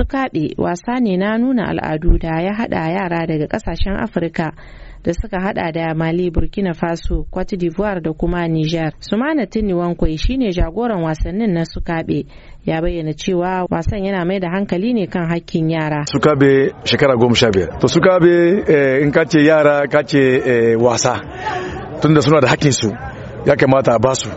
Sukaɓe wasa ne na nuna al'adu da ya haɗa yara daga ƙasashen Afirka da suka haɗa da Mali, Burkina Faso, Cote d'Ivoire da kuma Niger. Sumana Tini Wankwai shine jagoran wasannin na Sukaɓe ya bayyana cewa wasan yana mai da hankali ne kan hakkin yara. Sukaɓe shekara goma sha biyar. To Sukaɓe eh, in ka yara ka eh, wasa tunda suna da hakkin ya kamata a basu.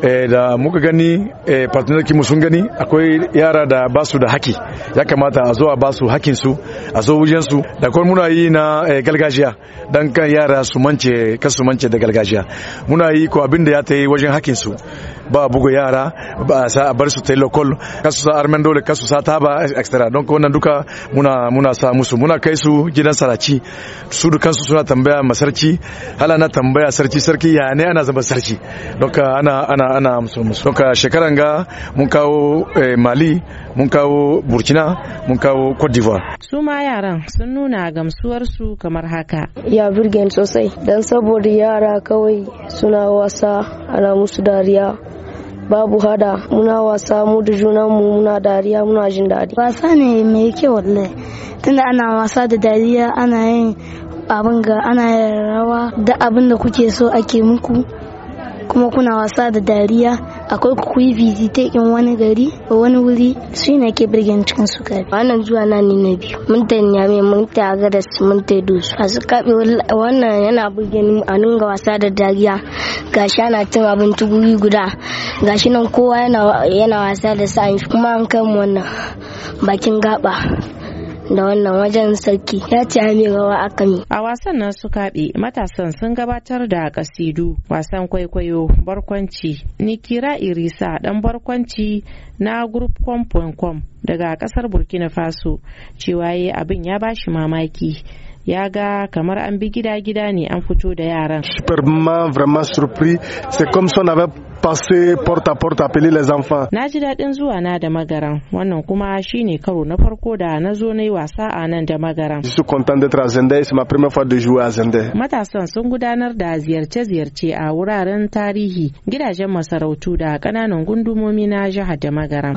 Eh, da muka gani eh, partner mu sun gani akwai yara da ba su da haki ya kamata a zo a ba su hakin su a zo wujen su da kuma muna yi na eh, galgajiya dan kan yara su mance kan su mance da gargajiya muna yi ko abin da ya ta yi wajen hakin su ba buga yara ba sa a bar su ta lokol kasu sa armen dole kasu sa ba extra don wannan duka muna muna sa musu muna kai su gidan saraci su su suna tambaya masarci hala na tambaya sarki sarki ya ne ana zama sarki don ana ana ana ana shekaran ga mun kawo eh, mali mun kawo burkina mun kawo cote d'ivoire su ma yaran sun nuna gamsuwarsu kamar haka ya burgen sosai Dan saboda yara kawai suna wasa ana musu dariya babu hada muna wasa mu da junanmu muna dariya muna jin daɗi wasa ne mai kyau wallahi tunda ana wasa da dariya ana yin abin ga ana rawa da abin da kuke so ake muku kuma kuna wasa da dariya akwai ku kuyi visite in wani gari ko wani wuri su ne ke birgin cikin su kai wannan zuwa na ne na biyu mun ta mai mun ta da su mun ta dusu a su kabe wannan yana birgin a nunga wasa da dariya gashi ana cin abinci guri guda gashi nan kowa yana wasa da sa'in kuma an kai wannan bakin gaba da wannan wajen sarki ya ci rawa a kami. A wasan nan su kaɓe matasan sun gabatar da ƙasidu. wasan kwaikwayo barkwanci Nikira Irisa dan barkwanci na group daga kasar Burkina Faso cewa abin ya bashi mamaki. ya ga kamar an bi gida-gida ne an fito da yaran. Super vraiment surpris, c'est comme si on avait passer porte à porte appeler les enfants. Na ji daɗin zuwa na da magaran wannan kuma shine karo na farko da na zo na yi wasa a nan da magaran. Je suis content d'être à Zende, c'est ma première fois de jouer à Zende. Matasan sun gudanar da ziyarce-ziyarce a wuraren tarihi, gidajen masarautu da ƙananan gundumomi na jihar da magaran.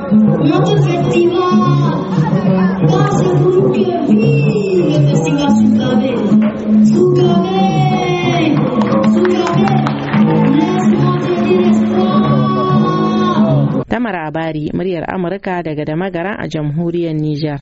Tamar Abari, muryar Amurka daga Damagara a jamhuriyar Nijar.